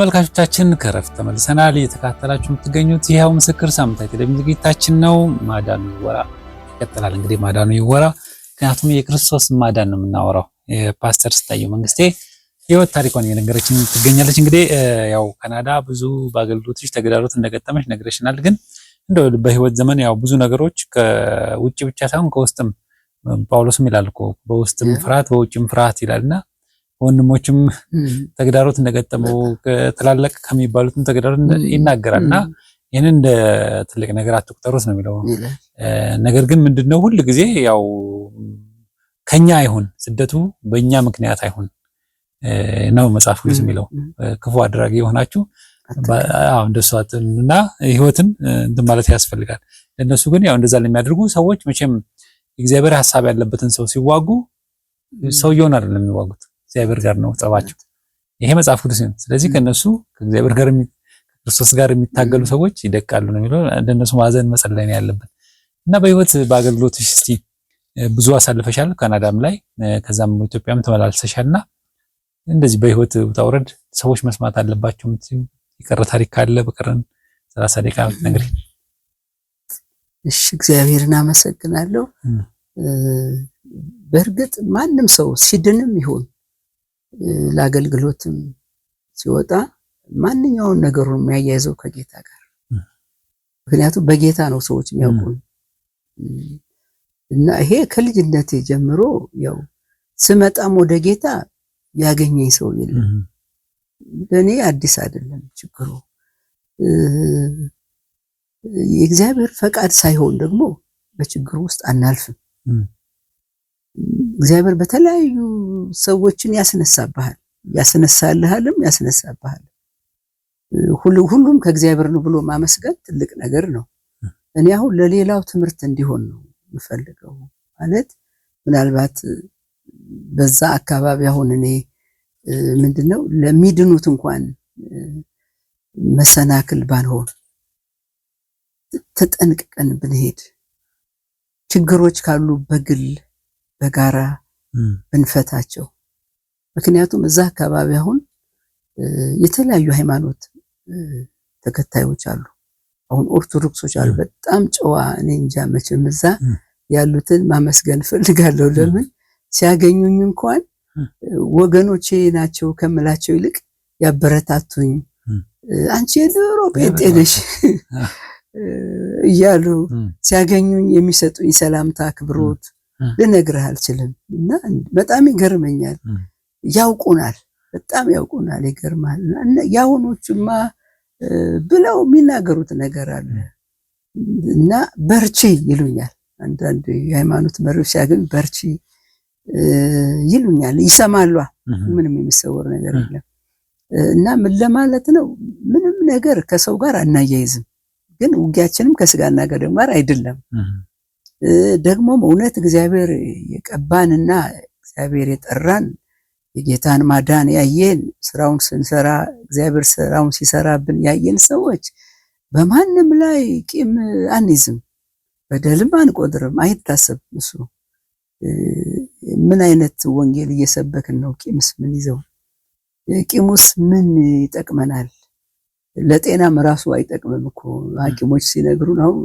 ተመልካቾቻችን ከረፍት ተመልሰናል። እየተከታተላችሁ የምትገኙት ይኸው ምስክር ሳምንታዊ ቴሌቪዥን ዝግጅታችን ነው። ማዳኑ ይወራ ይቀጥላል። እንግዲህ ማዳኑ ይወራ፣ ምክንያቱም የክርስቶስ ማዳን ነው የምናወራው። የፓስተር ስታየው መንግስቴ ህይወት ታሪኳን እየነገረችን ትገኛለች። እንግዲህ ያው ካናዳ ብዙ በአገልግሎቶች ተግዳሮት እንደገጠመች ነግረሽናል። ግን እንደው በህይወት ዘመን ያው ብዙ ነገሮች ከውጭ ብቻ ሳይሆን ከውስጥም ጳውሎስም ይላል እኮ በውስጥም ፍርሃት በውጭም ፍርሃት ይላልና ወንድሞችም ተግዳሮት እንደገጠመው ትላልቅ ከሚባሉትም ተግዳሮት ይናገራል እና ይህንን እንደ ትልቅ ነገር አትቁጠሩት ነው የሚለው። ነገር ግን ምንድነው ሁል ጊዜ ያው ከኛ አይሁን ስደቱ በእኛ ምክንያት አይሁን ነው መጽሐፍ ቅዱስ የሚለው ክፉ አድራጊ የሆናችሁ አዎ እና ህይወትን እንትን ማለት ያስፈልጋል። ለእነሱ ግን ያው እንደዛ ለሚያደርጉ ሰዎች መቼም እግዚአብሔር ሀሳብ ያለበትን ሰው ሲዋጉ ሰውየውን አይደለም የሚዋጉት እግዚአብሔር ጋር ነው ጸባቸው። ይሄ መጽሐፍ ቅዱስ ነው። ስለዚህ ከነሱ ከእግዚአብሔር ጋር ከክርስቶስ ጋር የሚታገሉ ሰዎች ይደቃሉ ነው የሚለው። እንደነሱ ማዘን መጸለይ ነው ያለብን እና በህይወት በአገልግሎት እስቲ ብዙ አሳልፈሻል። ካናዳም ላይ ከዛም ኢትዮጵያም ተመላልሰሻልና እንደዚህ በህይወት ውጣ ውረድ ሰዎች መስማት አለባቸው። የቀረ ታሪክ ካለ በቀረን ሰላሳ ደቂቃ ነግሪ። እሺ። እግዚአብሔርን አመሰግናለሁ። በእርግጥ ማንም ሰው ሲድንም ይሁን ለአገልግሎትም ሲወጣ ማንኛውም ነገሩን የሚያያይዘው ከጌታ ጋር ምክንያቱም በጌታ ነው ሰዎች የሚያውቁ እና ይሄ ከልጅነቴ ጀምሮ ያው ስመጣም ወደ ጌታ ያገኘኝ ሰው የለም። ለእኔ አዲስ አይደለም ችግሩ። የእግዚአብሔር ፈቃድ ሳይሆን ደግሞ በችግሩ ውስጥ አናልፍም። እግዚአብሔር በተለያዩ ሰዎችን ያስነሳብሃል፣ ያስነሳልሃልም ያስነሳብሃል። ሁሉም ከእግዚአብሔር ነው ብሎ ማመስገን ትልቅ ነገር ነው። እኔ አሁን ለሌላው ትምህርት እንዲሆን ነው የምፈልገው። ማለት ምናልባት በዛ አካባቢ አሁን እኔ ምንድነው ለሚድኑት እንኳን መሰናክል ባልሆን ተጠንቅቀን ብንሄድ ችግሮች ካሉ በግል በጋራ ብንፈታቸው። ምክንያቱም እዛ አካባቢ አሁን የተለያዩ ሃይማኖት ተከታዮች አሉ። አሁን ኦርቶዶክሶች አሉ። በጣም ጨዋ እኔ እንጃ መቼም እዛ ያሉትን ማመስገን ፈልጋለሁ። ለምን ሲያገኙኝ እንኳን ወገኖቼ ናቸው ከምላቸው ይልቅ ያበረታቱኝ። አንቺ የድሮ ጴንጤ ነሽ እያሉ ሲያገኙኝ የሚሰጡኝ ሰላምታ፣ አክብሮት ልነግርህ አልችልም። እና በጣም ይገርመኛል። ያውቁናል፣ በጣም ያውቁናል። ይገርማል። የአሁኖቹማ ብለው የሚናገሩት ነገር አለ እና በርቺ ይሉኛል። አንዳንድ የሃይማኖት መሪዎች ሲያገኝ በርቺ ይሉኛል። ይሰማሏ። ምንም የሚሰወር ነገር የለም። እና ምን ለማለት ነው? ምንም ነገር ከሰው ጋር አናያይዝም፣ ግን ውጊያችንም ከስጋና ከደም ጋር አይደለም። ደግሞም እውነት እግዚአብሔር የቀባንና እግዚአብሔር የጠራን የጌታን ማዳን ያየን ስራውን ስንሰራ እግዚአብሔር ስራውን ሲሰራብን ያየን ሰዎች በማንም ላይ ቂም አንይዝም፣ በደልም አንቆጥርም። አይታሰብም። እሱ ምን አይነት ወንጌል እየሰበክን ነው? ቂምስ ምን ይዘው? ቂሙስ ምን ይጠቅመናል? ለጤናም ራሱ አይጠቅምም እኮ ሐኪሞች ሲነግሩን አሁን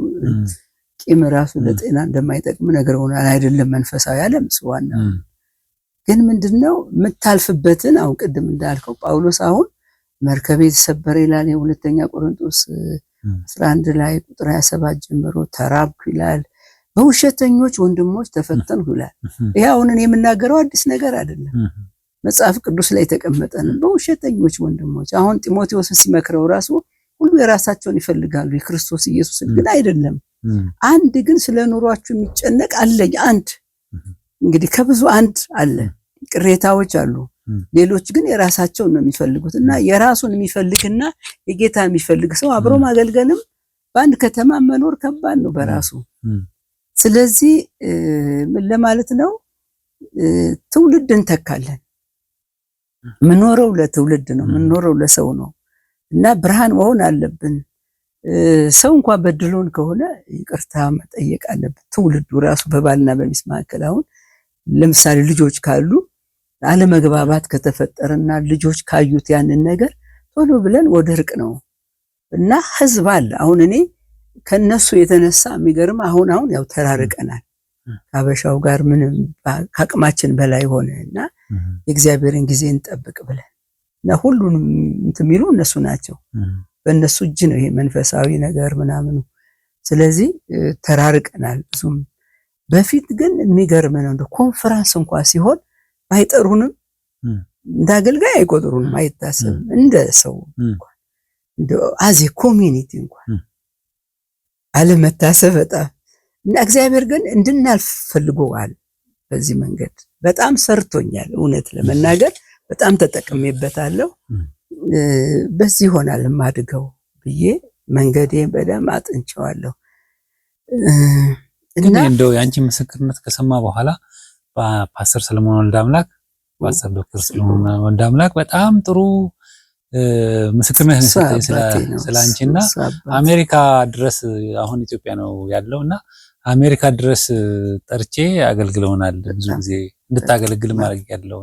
ቂም ራሱ ለጤና እንደማይጠቅም ነገር ሆኗል። አይደለም መንፈሳዊ ዓለም ስዋና ግን ምንድነው የምታልፍበትን አሁን ቅድም እንዳልከው ጳውሎስ አሁን መርከቤ የተሰበረ ይላል። የሁለተኛ ቆሮንቶስ 11 ላይ ቁጥር 27 ጀምሮ ተራብኩ ይላል። በውሸተኞች ወንድሞች ተፈተንኩ ይላል። ይሄ አሁን እኔ የምናገረው አዲስ ነገር አይደለም። መጽሐፍ ቅዱስ ላይ የተቀመጠን በውሸተኞች ወንድሞች አሁን ጢሞቴዎስን ሲመክረው ራሱ ሁሉ የራሳቸውን ይፈልጋሉ የክርስቶስ ኢየሱስን ግን አይደለም አንድ ግን ስለ ኑሯችሁ የሚጨነቅ አለኝ። አንድ እንግዲህ ከብዙ አንድ አለ፣ ቅሬታዎች አሉ። ሌሎች ግን የራሳቸውን ነው የሚፈልጉት እና የራሱን የሚፈልግና የጌታ የሚፈልግ ሰው አብሮ ማገልገልም በአንድ ከተማ መኖር ከባድ ነው በራሱ። ስለዚህ ምን ለማለት ነው፣ ትውልድ እንተካለን። ምኖረው ለትውልድ ነው፣ ምኖረው ለሰው ነው እና ብርሃን መሆን አለብን። ሰው እንኳን በድሎን ከሆነ ይቅርታ መጠየቅ አለበት ትውልዱ ራሱ በባልና በሚስት መካከል። አሁን ለምሳሌ ልጆች ካሉ አለመግባባት ከተፈጠረና ልጆች ካዩት ያንን ነገር ቶሎ ብለን ወደ እርቅ ነው እና ህዝብ አለ። አሁን እኔ ከነሱ የተነሳ የሚገርም አሁን አሁን ያው ተራርቀናል ከሀበሻው ጋር ምንም ከአቅማችን በላይ ሆነ እና የእግዚአብሔርን ጊዜ እንጠብቅ ብለን እና ሁሉንም የሚሉ እነሱ ናቸው። በእነሱ እጅ ነው ይሄ መንፈሳዊ ነገር ምናምኑ። ስለዚህ ተራርቀናል ብዙም። በፊት ግን የሚገርም ነው እንደ ኮንፈራንስ እንኳ ሲሆን አይጠሩንም እንደ አገልጋይ አይቆጥሩንም፣ አይታሰብም። እንደ ሰው እንደ አዜ ኮሚኒቲ እንኳን አለመታሰብ በጣም እና እግዚአብሔር ግን እንድናልፍ ፈልጎዋል። በዚህ መንገድ በጣም ሰርቶኛል። እውነት ለመናገር በጣም ተጠቅሜበታለሁ። በዚህ ይሆናል የማድገው ብዬ መንገዴን በደንብ አጥንቼዋለሁ። እንደው የአንቺ ምስክርነት ከሰማ በኋላ ፓስተር ሰለሞን ወልደ አምላክ ፓስተር ዶክተር ሰለሞን ወልደ አምላክ በጣም ጥሩ ምስክርነት ስለ አንቺና አሜሪካ ድረስ አሁን ኢትዮጵያ ነው ያለው እና አሜሪካ ድረስ ጠርቼ አገልግለውናል። ብዙ ጊዜ እንድታገለግል ማድረግ ያለው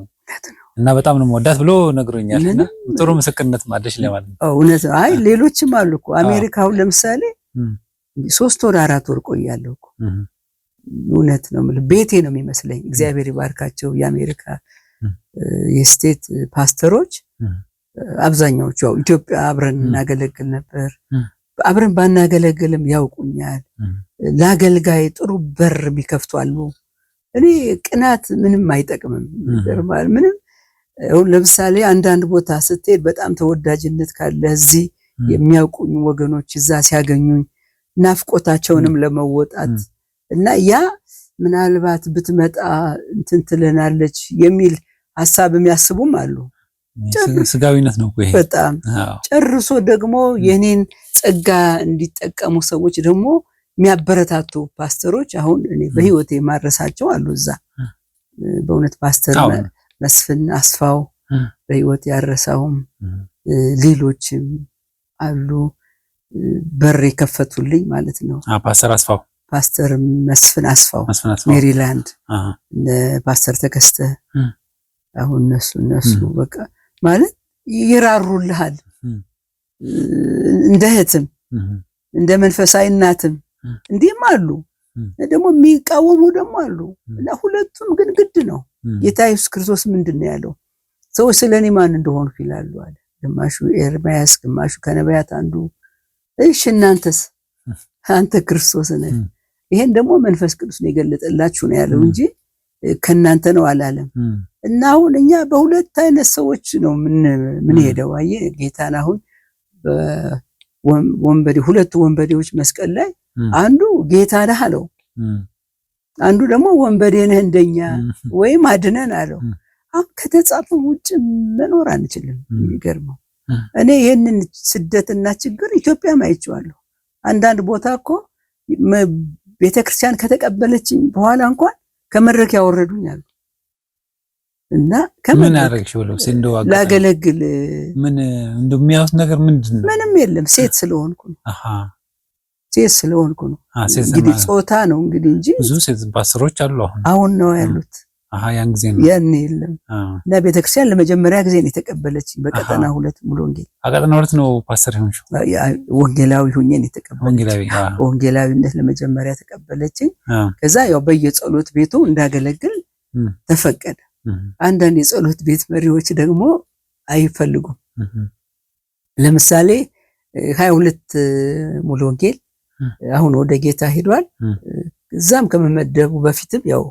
እና በጣም ነው የምወዳት ብሎ ነግሮኛል። እና ጥሩ ምስክርነት ማለሽ ለማለት ነው። እውነት አይ ሌሎችም አሉ እኮ አሜሪካ አሁን ለምሳሌ ሶስት ወር አራት ወር ቆያለሁ እኮ እውነት ነው ቤቴ ነው የሚመስለኝ። እግዚአብሔር ይባርካቸው የአሜሪካ የስቴት ፓስተሮች አብዛኛዎቹ ያው ኢትዮጵያ አብረን እናገለግል ነበር። አብረን ባናገለግልም ያውቁኛል። ለአገልጋይ ጥሩ በር የሚከፍቱ እኔ ቅናት ምንም አይጠቅምም። ምንም አሁን ለምሳሌ አንዳንድ ቦታ ስትሄድ በጣም ተወዳጅነት ካለ እዚህ የሚያውቁኝ ወገኖች እዛ ሲያገኙኝ ናፍቆታቸውንም ለመወጣት እና ያ ምናልባት ብትመጣ እንትን ትለናለች የሚል ሀሳብ የሚያስቡም አሉ። ስጋዊነት ነው ይሄ በጣም ጨርሶ ደግሞ የኔን ጸጋ እንዲጠቀሙ ሰዎች ደግሞ የሚያበረታቱ ፓስተሮች አሁን እኔ በህይወቴ ማረሳቸው አሉ። እዛ በእውነት ፓስተር መስፍን አስፋው በህይወት ያረሳውም ሌሎችም አሉ በር የከፈቱልኝ ማለት ነው። ፓስተር አስፋው ፓስተር መስፍን አስፋው ሜሪላንድ ፓስተር ተከስተ አሁን እነሱ እነሱ በቃ ማለት ይራሩልሃል እንደ እህትም እንደ መንፈሳዊ እናትም እንዲህም አሉ ደግሞ የሚቃወሙ ደግሞ አሉ እና ሁለቱም ግን ግድ ነው። ጌታ ኢየሱስ ክርስቶስ ምንድን ነው ያለው? ሰዎች ስለ እኔ ማን እንደሆኑ ይላሉ አለ። ግማሹ ኤርምያስ፣ ግማሹ ከነቢያት አንዱ። እሺ እናንተስ? አንተ ክርስቶስ ነህ። ይሄን ደግሞ መንፈስ ቅዱስ ነው የገለጠላችሁ ነው ያለው እንጂ ከእናንተ ነው አላለም። እና አሁን እኛ በሁለት አይነት ሰዎች ነው ምን ሄደው አየ ጌታን አሁን ወንበዴ ሁለቱ ወንበዴዎች መስቀል ላይ አንዱ ጌታ ነህ አለው አንዱ ደግሞ ወንበዴ ነህ እንደኛ ወይም አድነን አለው። አሁን ከተጻፈ ውጭ መኖር አንችልም። የሚገርመው እኔ ይህንን ስደትና ችግር ኢትዮጵያም አይቼዋለሁ። አንዳንድ ቦታ እኮ ቤተክርስቲያን ከተቀበለችኝ በኋላ እንኳን ከመድረክ ያወረዱኝ አሉ እና ከምን ብለው ላገለግል ምን ነገር ምንድን ነው ምንም የለም ሴት ስለሆንኩ ሴት ስለሆንኩ ነው። እንግዲህ ጾታ ነው እንግዲህ እንጂ ብዙ ሴት ፓስተሮች አሉ። አሁን አሁን ነው ያሉት። አሃ ያን ጊዜ ነው ያን የለም። እና ቤተክርስቲያን ለመጀመሪያ ጊዜ ነው የተቀበለችኝ በቀጠና ሁለት ሙሉ ወንጌል። አቀጠና ሁለት ነው ፓስተር ሆንሽ? ወንጌላዊ ሆኜ ነው የተቀበለችኝ። ወንጌላዊ ወንጌላዊነት ለመጀመሪያ ተቀበለችኝ። ከዛ ያው በየጸሎት ቤቱ እንዳገለግል ተፈቀደ። አንዳንድ የጸሎት ቤት መሪዎች ደግሞ አይፈልጉም። ለምሳሌ ሀያ ሁለት ሙሉ ወንጌል አሁን ወደ ጌታ ሄዷል። እዛም ከመመደቡ በፊትም ያው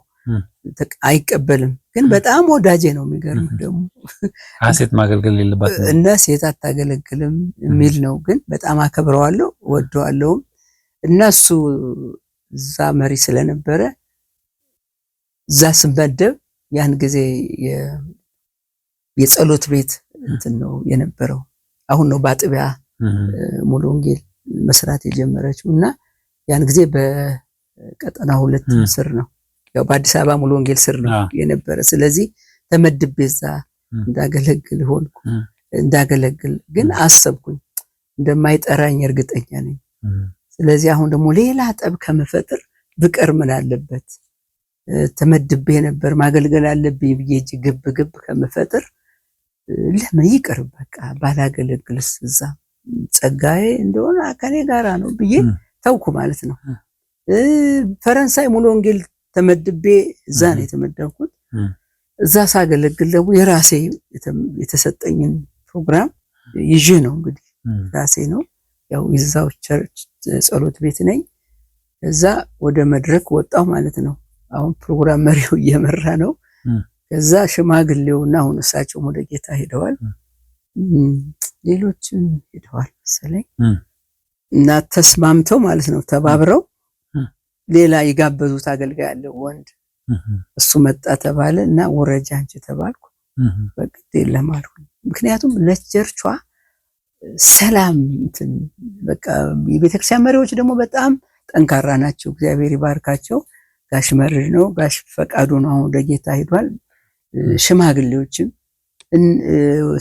አይቀበልም። ግን በጣም ወዳጄ ነው። የሚገርም ደግሞ ሴት ማገልገል የለባት እና ሴት አታገለግልም የሚል ነው። ግን በጣም አከብረዋለሁ ወደው እና እሱ እዛ መሪ ስለነበረ እዛ ስመደብ ያን ጊዜ የጸሎት ቤት እንትን ነው የነበረው። አሁን ነው በአጥቢያ ሙሉ ወንጌል መስራት የጀመረችው እና ያን ጊዜ በቀጠና ሁለት ስር ነው ያው በአዲስ አበባ ሙሉ ወንጌል ስር ነው የነበረ። ስለዚህ ተመድቤ እዛ እንዳገለግል ሆንኩ። እንዳገለግል ግን አሰብኩኝ እንደማይጠራኝ እርግጠኛ ነኝ። ስለዚህ አሁን ደግሞ ሌላ ጠብ ከመፈጥር ብቀር ምን አለበት? ተመድቤ ነበር ማገልገል አለብኝ ብዬ እጅ ግብ ግብ ከመፈጠር ለምን ይቅር፣ በቃ ባላገለግልስ እዛ ጸጋዬ እንደሆነ ከኔ ጋራ ነው ብዬ ተውኩ ማለት ነው። ፈረንሳይ ሙሉ ወንጌል ተመድቤ እዛ ነው የተመደብኩት። እዛ ሳገለግል ደግሞ የራሴ የተሰጠኝን ፕሮግራም ይዤ ነው እንግዲህ ራሴ ነው ያው የዛው ቸርች ጸሎት ቤት ነኝ። ከዛ ወደ መድረክ ወጣው ማለት ነው። አሁን ፕሮግራም መሪው እየመራ ነው። ከዛ ሽማግሌውና አሁን እሳቸው ወደ ጌታ ሄደዋል። ሌሎችም ሄደዋል መሰለኝ እና ተስማምተው ማለት ነው ተባብረው ሌላ የጋበዙት አገልጋይ አለ ወንድ እሱ መጣ ተባለ እና ወረጃ አንቺ ተባልኩ። በግድ የለም አልኩኝ። ምክንያቱም ለቸርቿ ሰላም እንትን በቃ የቤተክርስቲያን መሪዎች ደግሞ በጣም ጠንካራ ናቸው። እግዚአብሔር ይባርካቸው። ጋሽ መርድ ነው ጋሽ ፈቃዱ ነው አሁን ለጌታ ሄዷል። ሽማግሌዎችም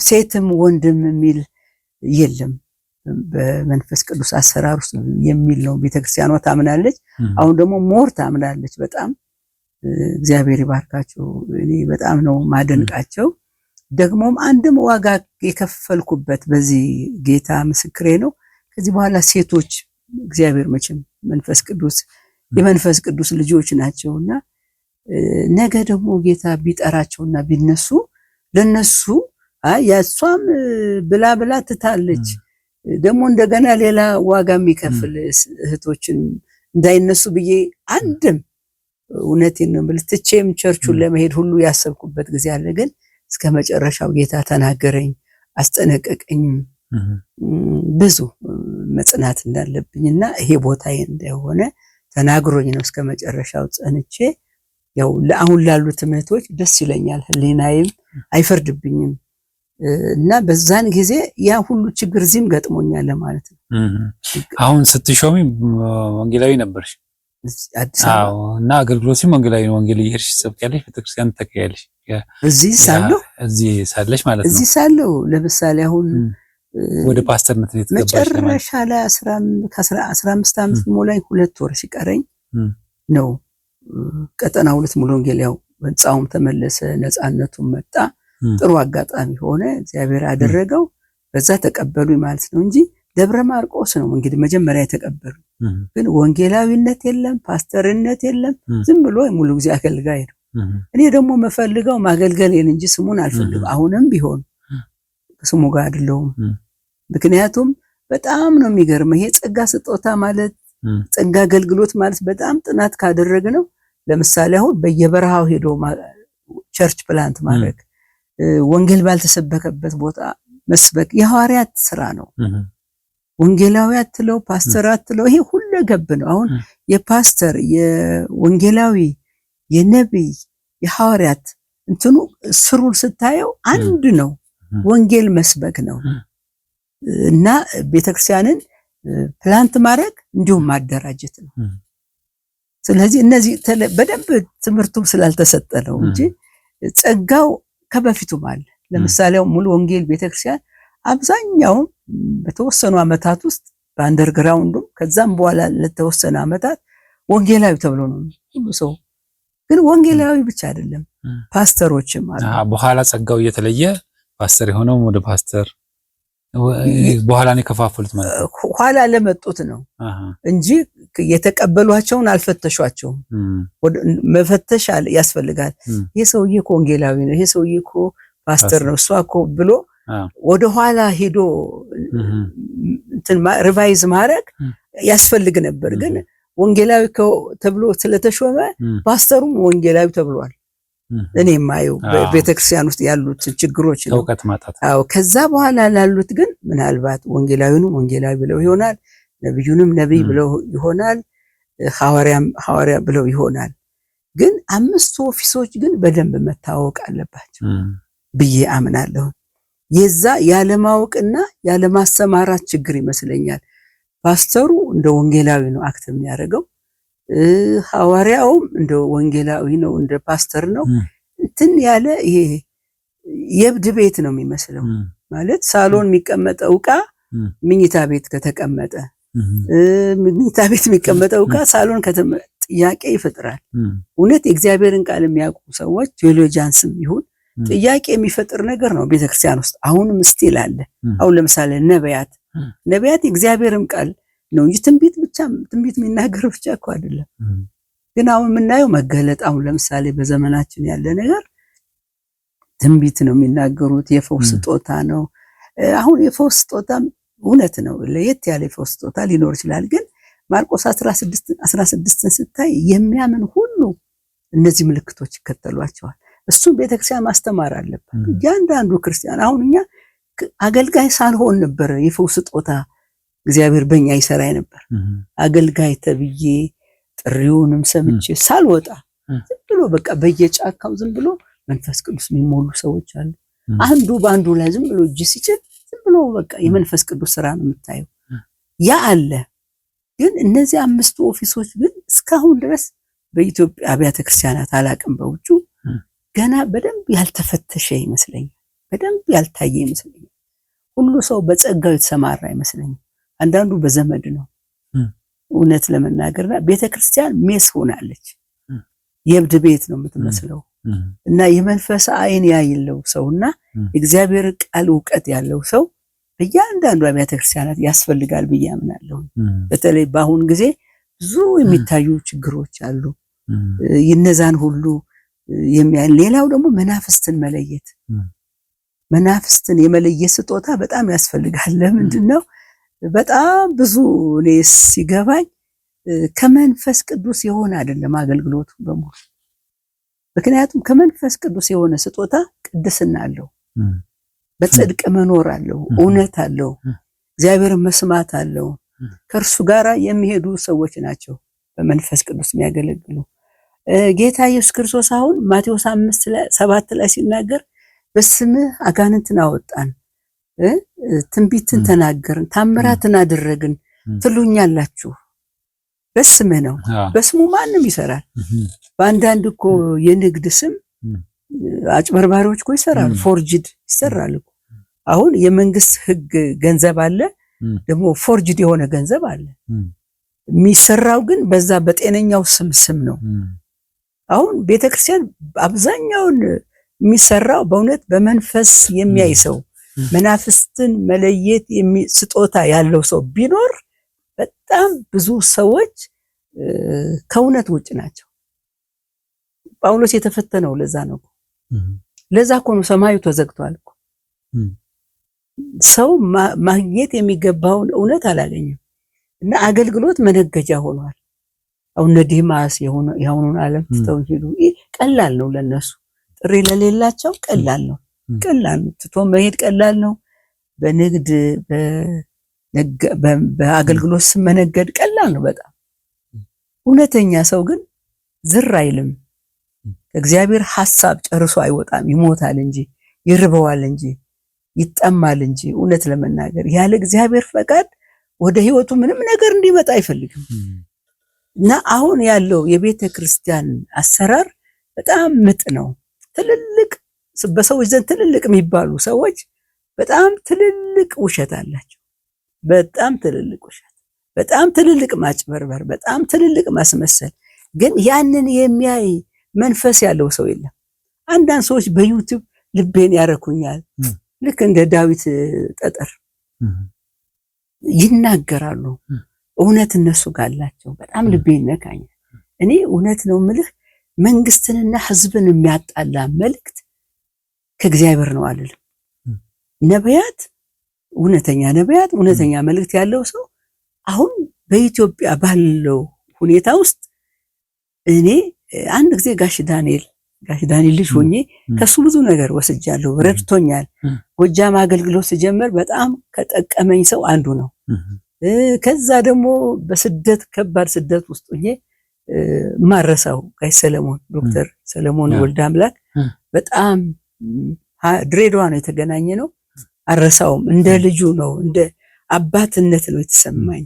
ሴትም ወንድም የሚል የለም በመንፈስ ቅዱስ አሰራር ውስጥ የሚል ነው ቤተክርስቲያኗ ታምናለች። አሁን ደግሞ ሞር ታምናለች። በጣም እግዚአብሔር ይባርካቸው። እኔ በጣም ነው ማደንቃቸው። ደግሞም አንድም ዋጋ የከፈልኩበት በዚህ ጌታ ምስክሬ ነው። ከዚህ በኋላ ሴቶች እግዚአብሔር መቼም መንፈስ ቅዱስ የመንፈስ ቅዱስ ልጆች ናቸውና ነገ ደግሞ ጌታ ቢጠራቸውና ቢነሱ ለነሱ አይ ያሷም ብላ ብላ ትታለች። ደግሞ እንደገና ሌላ ዋጋ የሚከፍል እህቶችን እንዳይነሱ ብዬ አንድም እውነቴን ነው የምልህ ትቼም ቸርቹን ለመሄድ ሁሉ ያሰብኩበት ጊዜ አለ። ግን እስከ መጨረሻው ጌታ ተናገረኝ፣ አስጠነቀቀኝም ብዙ መጽናት እንዳለብኝና ይሄ ቦታዬ እንደሆነ ተናግሮኝ ነው እስከ መጨረሻው ጸንቼ ያው ለአሁን ላሉት እህቶች ደስ ይለኛል። ህሊናይም አይፈርድብኝም። እና በዛን ጊዜ ያ ሁሉ ችግር እዚህም ገጥሞኛል ማለት ነው። አሁን ስትሾሚ ወንጌላዊ ነበርሽ አዲስ አበባ እና አገልግሎትም ወንጌላዊ ነው። ወንጌል እየሄድሽ ትሰብኪያለሽ፣ ቤተክርስቲያን ትተክያለሽ። እዚህ ሳለሁ እዚህ ሳለሽ ማለት ነው። እዚህ ሳለሁ ለምሳሌ አሁን ወደ ፓስተርነት ነው የተገባሽ። መጨረሻ ላይ አስራ አምስት ዓመት ሞላኝ፣ ሁለት ወር ሲቀረኝ ነው ቀጠና ሁለት ሙሉ ወንጌል ያው ህንፃውም ተመለሰ፣ ነፃነቱም መጣ ጥሩ አጋጣሚ ሆነ፣ እግዚአብሔር አደረገው። በዛ ተቀበሉ ማለት ነው እንጂ ደብረ ማርቆስ ነው እንግዲህ መጀመሪያ የተቀበሉ። ግን ወንጌላዊነት የለም፣ ፓስተርነት የለም። ዝም ብሎ ሙሉ ጊዜ አገልጋይ ነው። እኔ ደግሞ መፈልገው ማገልገልን እንጂ ስሙን አልፈልግም። አሁንም ቢሆን ስሙ ጋር አይደለሁም። ምክንያቱም በጣም ነው የሚገርመው ይሄ ጸጋ ስጦታ ማለት ጸጋ አገልግሎት ማለት በጣም ጥናት ካደረግ ነው። ለምሳሌ አሁን በየበረሃው ሄዶ ቸርች ፕላንት ማድረግ ወንጌል ባልተሰበከበት ቦታ መስበክ የሐዋርያት ስራ ነው። ወንጌላዊ አትለው፣ ፓስተር አትለው፣ ይሄ ሁሉ ገብ ነው። አሁን የፓስተር የወንጌላዊ የነቢይ የሐዋርያት እንትኑ ስሩን ስታየው አንድ ነው፣ ወንጌል መስበክ ነው እና ቤተክርስቲያንን ፕላንት ማድረግ እንዲሁም ማደራጀት ነው። ስለዚህ እነዚህ በደንብ ትምህርቱም ስላልተሰጠ ነው እንጂ ጸጋው ከበፊቱም አለ። ለምሳሌ ሙሉ ወንጌል ቤተክርስቲያን አብዛኛውም በተወሰኑ ዓመታት ውስጥ በአንደርግራውንዱም ከዛም በኋላ ለተወሰነ ዓመታት ወንጌላዊ ተብሎ ነው ሁሉ ሰው። ግን ወንጌላዊ ብቻ አይደለም ፓስተሮችም አሉ። በኋላ ጸጋው እየተለየ ፓስተር የሆነው ወደ ፓስተር በኋላ ነው የከፋፈሉት ማለት ነው። ኋላ ለመጡት ነው እንጂ የተቀበሏቸውን አልፈተሿቸውም። መፈተሽ ያስፈልጋል። ይሄ ሰውዬ እኮ ወንጌላዊ ነው፣ ይሄ ሰውዬ እኮ ፓስተር ነው፣ እሷ እኮ ብሎ ወደ ኋላ ሄዶ ሪቫይዝ ማድረግ ያስፈልግ ነበር። ግን ወንጌላዊ ተብሎ ስለተሾመ ፓስተሩም ወንጌላዊ ተብሏል። እኔ የማየው ቤተክርስቲያን ውስጥ ያሉት ችግሮች ነው። አዎ ከዛ በኋላ ላሉት ግን ምናልባት ወንጌላዊንም ወንጌላዊ ብለው ይሆናል፣ ነቢዩንም ነቢይ ብለው ይሆናል፣ ሐዋርያም ሐዋርያ ብለው ይሆናል። ግን አምስቱ ኦፊሶች ግን በደንብ መታወቅ አለባቸው ብዬ አምናለሁ። የዛ ያለማወቅና ያለማሰማራት ችግር ይመስለኛል። ፓስተሩ እንደ ወንጌላዊ ነው አክት የሚያደርገው ሐዋርያውም እንደ ወንጌላዊ ነው፣ እንደ ፓስተር ነው። እንትን ያለ ይሄ የእብድ ቤት ነው የሚመስለው። ማለት ሳሎን የሚቀመጠው ቃ ምኝታ ቤት ከተቀመጠ፣ ምኝታ ቤት የሚቀመጠው ዕቃ ሳሎን ጥያቄ ይፈጥራል። እውነት የእግዚአብሔርን ቃል የሚያውቁ ሰዎች ቴዎሎጂያንስም ይሁን ጥያቄ የሚፈጥር ነገር ነው ቤተክርስቲያን ውስጥ አሁንም ስቲል አለ። አሁን ለምሳሌ ነቢያት ነቢያት የእግዚአብሔርም ቃል ነው እንጂ ትንቢት ብቻ ትንቢት የሚናገር ብቻ እኮ አይደለም። ግን አሁን የምናየው መገለጥ አሁን ለምሳሌ በዘመናችን ያለ ነገር ትንቢት ነው የሚናገሩት። የፈውስ ስጦታ ነው። አሁን የፈውስ ስጦታ እውነት ነው፣ ለየት ያለ የፈውስ ስጦታ ሊኖር ይችላል። ግን ማርቆስ 16 ስድስትን ስታይ የሚያምን ሁሉ እነዚህ ምልክቶች ይከተሏቸዋል። እሱም ቤተክርስቲያን ማስተማር አለበት። እያንዳንዱ ክርስቲያን አሁን እኛ አገልጋይ ሳልሆን ነበረ የፈውስ ስጦታ እግዚአብሔር በእኛ ይሰራ ነበር። አገልጋይ ተብዬ ጥሪውንም ሰምቼ ሳልወጣ ዝም ብሎ በቃ በየጫካው ዝም ብሎ መንፈስ ቅዱስ የሚሞሉ ሰዎች አሉ። አንዱ በአንዱ ላይ ዝም ብሎ እጅ ሲችል ዝም ብሎ በቃ የመንፈስ ቅዱስ ስራ ነው የምታየው። ያ አለ። ግን እነዚህ አምስቱ ኦፊሶች ግን እስካሁን ድረስ በኢትዮጵያ አብያተ ክርስቲያናት አላቅም፣ በውጩ ገና በደንብ ያልተፈተሸ ይመስለኛል። በደንብ ያልታየ ይመስለኛል። ሁሉ ሰው በጸጋው የተሰማራ ይመስለኛል። አንዳንዱ በዘመድ ነው። እውነት ለመናገርና ቤተክርስቲያን ሜስ ሆናለች። የእብድ ቤት ነው የምትመስለው እና የመንፈስ አይን ያይለው ሰውና እግዚአብሔር ቃል እውቀት ያለው ሰው በእያንዳንዱ አብያተ ክርስቲያናት ያስፈልጋል ብዬ አምናለሁ። በተለይ በአሁን ጊዜ ብዙ የሚታዩ ችግሮች አሉ። ይነዛን ሁሉ የሚያ ሌላው ደግሞ መናፍስትን መለየት መናፍስትን የመለየት ስጦታ በጣም ያስፈልጋል። ለምንድን ነው? በጣም ብዙ እኔ ሲገባኝ ከመንፈስ ቅዱስ የሆነ አይደለም አገልግሎቱ በሙሉ። ምክንያቱም ከመንፈስ ቅዱስ የሆነ ስጦታ ቅድስና አለው፣ በጽድቅ መኖር አለው፣ እውነት አለው፣ እግዚአብሔርን መስማት አለው። ከእርሱ ጋር የሚሄዱ ሰዎች ናቸው በመንፈስ ቅዱስ የሚያገለግሉ። ጌታ ኢየሱስ ክርስቶስ አሁን ማቴዎስ አምስት ሰባት ላይ ሲናገር በስምህ አጋንንትን አወጣን ትንቢትን ተናገርን፣ ታምራትን አደረግን ትሉኛላችሁ። በስም ነው። በስሙ ማንም ይሰራል። በአንዳንድ እኮ የንግድ ስም አጭበርባሪዎች እኮ ይሰራሉ። ፎርጅድ ይሰራል አሁን የመንግስት ህግ ገንዘብ አለ፣ ደግሞ ፎርጅድ የሆነ ገንዘብ አለ። የሚሰራው ግን በዛ በጤነኛው ስም ስም ነው። አሁን ቤተክርስቲያን አብዛኛውን የሚሰራው በእውነት በመንፈስ የሚያይ ሰው መናፍስትን መለየት ስጦታ ያለው ሰው ቢኖር በጣም ብዙ ሰዎች ከእውነት ውጭ ናቸው። ጳውሎስ የተፈተነው ለዛ ነው። ለዛ እኮ ነው ሰማዩ ተዘግቷል። ሰው ማግኘት የሚገባውን እውነት አላገኘም እና አገልግሎት መነገጃ ሆኗል። አሁን ዲማስ የአሁኑን ዓለም ትተው ሄዱ። ቀላል ነው ለነሱ ጥሪ ለሌላቸው ቀላል ነው። ቀላል ነው። ትቶ መሄድ ቀላል ነው። በንግድ በአገልግሎት ስም መነገድ ቀላል ነው በጣም እውነተኛ ሰው ግን ዝር አይልም። እግዚአብሔር ሐሳብ ጨርሶ አይወጣም። ይሞታል እንጂ ይርበዋል እንጂ ይጠማል እንጂ። እውነት ለመናገር ያለ እግዚአብሔር ፈቃድ ወደ ህይወቱ ምንም ነገር እንዲመጣ አይፈልግም እና አሁን ያለው የቤተ ክርስቲያን አሰራር በጣም ምጥ ነው። ትልልቅ በሰዎች ዘንድ ትልልቅ የሚባሉ ሰዎች በጣም ትልልቅ ውሸት አላቸው። በጣም ትልልቅ ውሸት፣ በጣም ትልልቅ ማጭበርበር፣ በጣም ትልልቅ ማስመሰል። ግን ያንን የሚያይ መንፈስ ያለው ሰው የለም። አንዳንድ ሰዎች በዩቲዩብ ልቤን ያረኩኛል፣ ልክ እንደ ዳዊት ጠጠር ይናገራሉ። እውነት እነሱ ጋር አላቸው። በጣም ልቤ ይነካኛል። እኔ እውነት ነው ምልህ መንግስትንና ህዝብን የሚያጣላ መልእክት ከእግዚአብሔር ነው አልልም። ነቢያት፣ እውነተኛ ነቢያት፣ እውነተኛ መልእክት ያለው ሰው አሁን በኢትዮጵያ ባለው ሁኔታ ውስጥ እኔ አንድ ጊዜ ጋሽ ዳንኤል ጋሽ ዳንኤል ልጅ ሆኜ ከሱ ብዙ ነገር ወስጃለሁ፣ ረድቶኛል። ጎጃም አገልግሎት ስጀምር በጣም ከጠቀመኝ ሰው አንዱ ነው። ከዛ ደግሞ በስደት ከባድ ስደት ውስጥ ሆኜ ማረሳው ጋሽ ሰለሞን ዶክተር ሰለሞን ወልደ አምላክ በጣም ድሬዳዋ ነው የተገናኘ ነው። አረሳውም። እንደ ልጁ ነው፣ እንደ አባትነት ነው የተሰማኝ።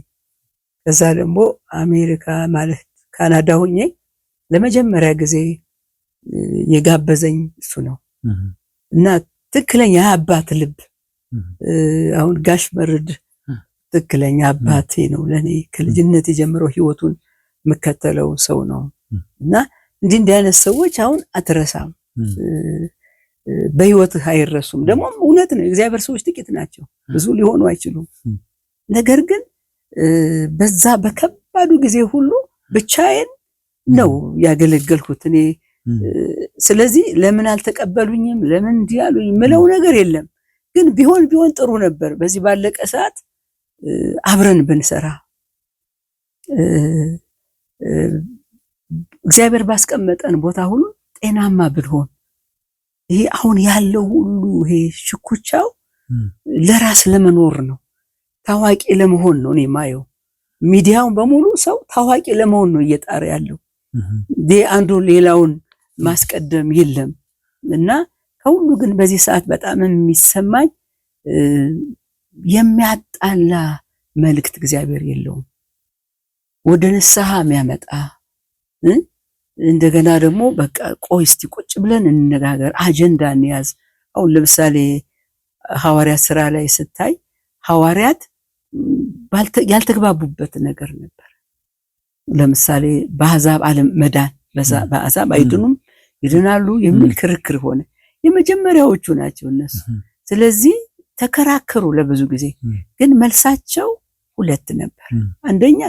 ከዛ ደግሞ አሜሪካ ማለት ካናዳ ሁኜ ለመጀመሪያ ጊዜ የጋበዘኝ እሱ ነው እና ትክክለኛ አባት ልብ አሁን ጋሽ መርድ ትክክለኛ አባቴ ነው ለኔ ከልጅነት የጀምረው ህይወቱን የምከተለው ሰው ነው እና እንዲህ እንዲህ አይነት ሰዎች አሁን አትረሳም። በህይወትህ አይረሱም። ደግሞ እውነት ነው፣ እግዚአብሔር ሰዎች ጥቂት ናቸው፣ ብዙ ሊሆኑ አይችሉም። ነገር ግን በዛ በከባዱ ጊዜ ሁሉ ብቻዬን ነው ያገለገልኩት እኔ። ስለዚህ ለምን አልተቀበሉኝም፣ ለምን እንዲህ አሉኝ ምለው ነገር የለም። ግን ቢሆን ቢሆን ጥሩ ነበር፣ በዚህ ባለቀ ሰዓት አብረን ብንሰራ እግዚአብሔር ባስቀመጠን ቦታ ሁሉ ጤናማ ብንሆን ይሄ አሁን ያለው ሁሉ ይሄ ሽኩቻው ለራስ ለመኖር ነው፣ ታዋቂ ለመሆን ነው። እኔ ማየው ሚዲያውን በሙሉ ሰው ታዋቂ ለመሆን ነው እየጣረ ያለው። አንዱ ሌላውን ማስቀደም የለም እና ከሁሉ ግን በዚህ ሰዓት በጣም የሚሰማኝ የሚያጣላ መልእክት እግዚአብሔር የለውም ወደ ንስሐ የሚያመጣ እንደገና ደግሞ በቃ ቆይ እስቲ ቁጭ ብለን እንነጋገር፣ አጀንዳ እንያዝ። አሁን ለምሳሌ ሐዋርያት ስራ ላይ ስታይ ሐዋርያት ያልተግባቡበት ነገር ነበር። ለምሳሌ በአሕዛብ ዓለም መዳን በአሕዛብ አይድኑም ይድናሉ የሚል ክርክር ሆነ። የመጀመሪያዎቹ ናቸው እነሱ። ስለዚህ ተከራከሩ ለብዙ ጊዜ፣ ግን መልሳቸው ሁለት ነበር። አንደኛ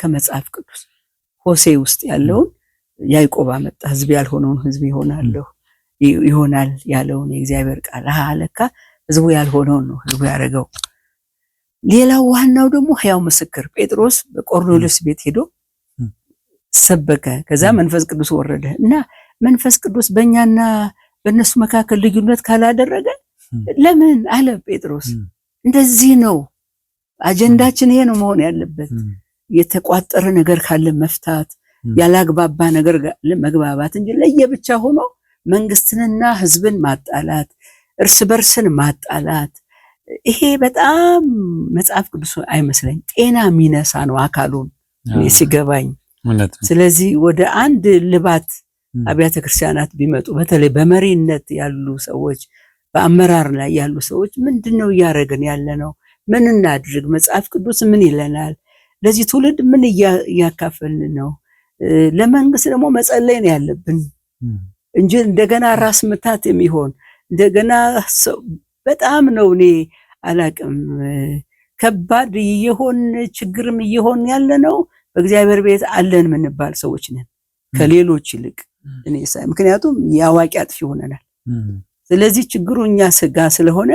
ከመጽሐፍ ቅዱስ ሆሴ ውስጥ ያለውን ያዕቆብ አመጣ። ህዝብ ያልሆነውን ህዝብ ይሆናለሁ ይሆናል ያለውን የእግዚአብሔር ቃል አለካ ህዝቡ ያልሆነውን ነው ህዝቡ ያደረገው። ሌላው ዋናው ደግሞ ህያው ምስክር ጴጥሮስ በቆርኔሌዎስ ቤት ሄዶ ሰበከ። ከዛ መንፈስ ቅዱስ ወረደ እና መንፈስ ቅዱስ በእኛና በእነሱ መካከል ልዩነት ካላደረገ ለምን አለ ጴጥሮስ። እንደዚህ ነው አጀንዳችን፣ ይሄ ነው መሆን ያለበት። የተቋጠረ ነገር ካለ መፍታት ያላግባባ ነገር መግባባት እንጂ ለየብቻ ሆኖ መንግስትንና ህዝብን ማጣላት፣ እርስ በርስን ማጣላት ይሄ በጣም መጽሐፍ ቅዱስ አይመስለኝ ጤና የሚነሳ ነው አካሉን ሲገባኝ። ስለዚህ ወደ አንድ ልባት አብያተ ክርስቲያናት ቢመጡ በተለይ በመሪነት ያሉ ሰዎች፣ በአመራር ላይ ያሉ ሰዎች ምንድን ነው እያደረግን ያለ ነው? ምን እናድርግ? መጽሐፍ ቅዱስ ምን ይለናል? ለዚህ ትውልድ ምን እያካፈልን ነው? ለመንግስት ደግሞ መጸለይ ነው ያለብን እንጂ እንደገና ራስ ምታት የሚሆን እንደገና በጣም ነው እኔ አላቅም ከባድ እየሆን ችግርም እየሆን ያለ ነው። በእግዚአብሔር ቤት አለን ምንባል ሰዎች ነን ከሌሎች ይልቅ እኔ ሳይ፣ ምክንያቱም የአዋቂ አጥፊ ሆነናል። ስለዚህ ችግሩ እኛ ስጋ ስለሆነ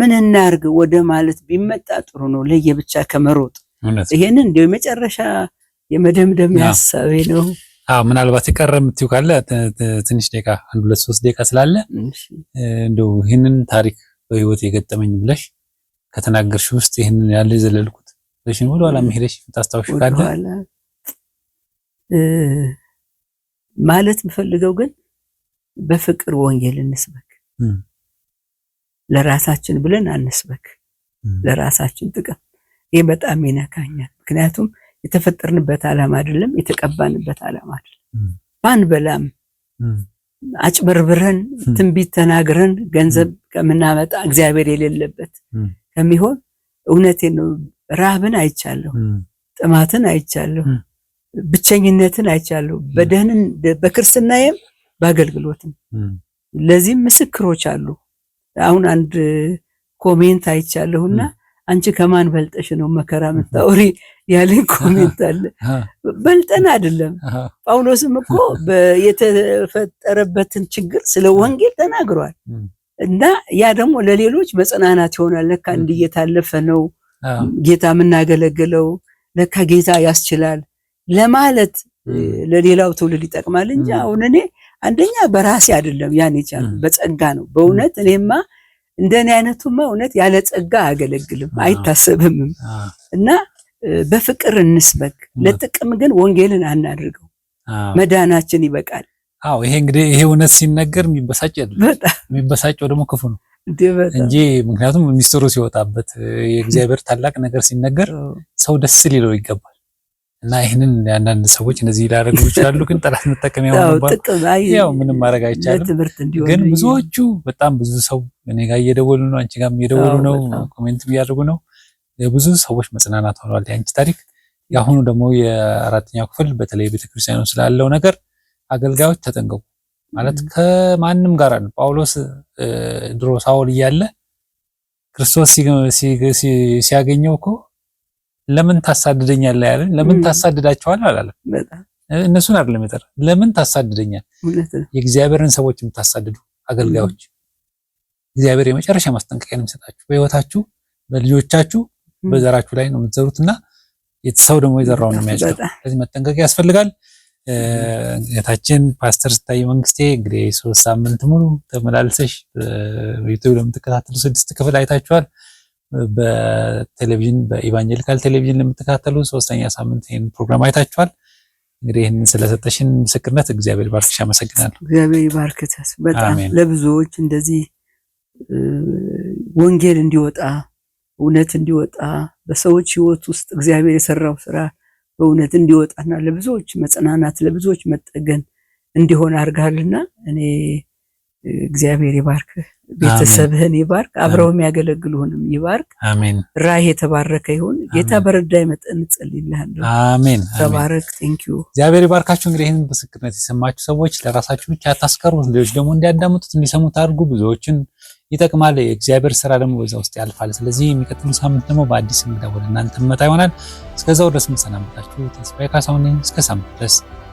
ምን እናርግ ወደ ማለት ቢመጣ ጥሩ ነው፣ ለየብቻ ከመሮጥ ይሄንን እንዲያው የመጨረሻ የመደምደም ሀሳቤ ነው። አዎ ምናልባት የቀረ የምትይው ካለ ትንሽ ደቂቃ አንድ ሁለት ሶስት ደቂቃ ስላለ እንደው ይህንን ታሪክ በህይወት የገጠመኝ ብለሽ ከተናገርሽ ውስጥ ይህንን ያለ የዘለልኩት ብለሽ ወደ ኋላ መሄደሽ ታስታውሽ ካለ ማለት የምፈልገው ግን በፍቅር ወንጌል እንስበክ፣ ለራሳችን ብለን አንስበክ፣ ለራሳችን ጥቅም። ይህ በጣም ይነካኛል። ምክንያቱም የተፈጠርንበት ዓላማ አይደለም፣ የተቀባንበት ዓላማ አይደለም። ባን በላም አጭበርብረን ትንቢት ተናግረን ገንዘብ ከምናመጣ እግዚአብሔር የሌለበት ከሚሆን እውነቴን ነው። ረሃብን አይቻለሁ፣ ጥማትን አይቻለሁ፣ ብቸኝነትን አይቻለሁ። በደህንን በክርስትናዬም በአገልግሎትም ለዚህም ምስክሮች አሉ። አሁን አንድ ኮሜንት አይቻለሁና አንቺ ከማን በልጠሽ ነው መከራ ምታወሪ? ያለኝ ኮሜንት አለ። በልጠን አይደለም። ጳውሎስም እኮ የተፈጠረበትን ችግር ስለ ወንጌል ተናግሯል እና ያ ደግሞ ለሌሎች መጽናናት ይሆናል። ለካ እንዲህ እየታለፈ ነው ጌታ የምናገለግለው፣ ለካ ጌታ ያስችላል ለማለት ለሌላው ትውልድ ይጠቅማል እንጂ አሁን እኔ አንደኛ በራሴ አይደለም ያን ይቻል በጸጋ ነው። በእውነት እኔማ እንደኔ አይነቱማ እውነት ያለ ጸጋ አያገለግልም አይታሰብምም። እና በፍቅር እንስበክ፣ ለጥቅም ግን ወንጌልን አናድርገው። መዳናችን ይበቃል። አዎ ይሄ እንግዲህ ይሄ እውነት ሲነገር የሚበሳጭ የሚበሳጨው ደግሞ ክፉ ነው እንጂ ምክንያቱም ሚስጥሩ ሲወጣበት የእግዚአብሔር ታላቅ ነገር ሲነገር ሰው ደስ ሊለው ይገባል። እና ይህንን አንዳንድ ሰዎች እንደዚህ ሊያደርጉ ይችላሉ፣ ግን ጠላት መጠቀሚያ ያው ምንም ማድረግ አይቻልም። ግን ብዙዎቹ በጣም ብዙ ሰው እኔ ጋር እየደወሉ ነው፣ አንቺ ጋርም እየደወሉ ነው፣ ኮሜንት እያደርጉ ነው። ብዙ ሰዎች መጽናናት ሆነዋል የአንቺ ታሪክ። የአሁኑ ደግሞ የአራተኛው ክፍል በተለይ ቤተክርስቲያኑ ስላለው ነገር አገልጋዮች ተጠንቀቁ ማለት ከማንም ጋር ነው። ጳውሎስ ድሮ ሳውል እያለ ክርስቶስ ሲያገኘው እኮ ለምን ታሳድደኛለህ ያለ ለምን ታሳድዳቸዋል አላለም። እነሱን አይደለም የጠራ ለምን ታሳድደኛል። የእግዚአብሔርን ሰዎች የምታሳድዱ አገልጋዮች እግዚአብሔር የመጨረሻ ማስጠንቀቂያ ነው የሚሰጣችሁ። በህይወታችሁ፣ በልጆቻችሁ፣ በዘራችሁ ላይ ነው የምትዘሩት እና ሰው ደግሞ የዘራው ነው የሚያጭ። ስለዚህ መጠንቀቅ ያስፈልጋል። ጌታችን ፓስተር ስታይ መንግስቴ እንግዲህ ሶስት ሳምንት ሙሉ ተመላልሰሽ ዩቲዩብ ለምትከታተሉ ስድስት ክፍል አይታችኋል። በቴሌቪዥን በኢቫንጀሊካል ቴሌቪዥን ለምትከታተሉ ሶስተኛ ሳምንት ይህን ፕሮግራም አይታችኋል። እንግዲህ ይህንን ስለሰጠሽን ምስክርነት እግዚአብሔር ባርክሽ፣ አመሰግናለሁ። እግዚአብሔር ባርክተስ። በጣም ለብዙዎች እንደዚህ ወንጌል እንዲወጣ እውነት እንዲወጣ በሰዎች ሕይወት ውስጥ እግዚአብሔር የሰራው ስራ በእውነት እንዲወጣና ለብዙዎች መጽናናት ለብዙዎች መጠገን እንዲሆን አድርጋልና እኔ እግዚአብሔር ይባርክህ። ቤተሰብህን ይባርክ፣ አብረው የሚያገለግሉህንም ይባርክ። አሜን። ራህ የተባረከ ይሁን። ጌታ በረዳ ይመጠን እጸልይልሃለሁ። አሜን። ተባረክ። ቴንክ ዩ። እግዚአብሔር ይባርካችሁ። እንግዲህ ይህን ምስክርነት የሰማችሁ ሰዎች ለራሳችሁ ብቻ አታስቀሩ፣ ሌሎች ደግሞ እንዲያዳምጡት እንዲሰሙት አድርጉ። ብዙዎችን ይጠቅማል። የእግዚአብሔር ስራ ደግሞ በዛ ውስጥ ያልፋል። ስለዚህ የሚቀጥሉ ሳምንት ደግሞ በአዲስ እንግዳ ወደ እናንተ መጣ ይሆናል። እስከዛው ድረስ መሰናበታችሁ ተስፋዬ ካሳሁን እስከ ሳምንት ድረስ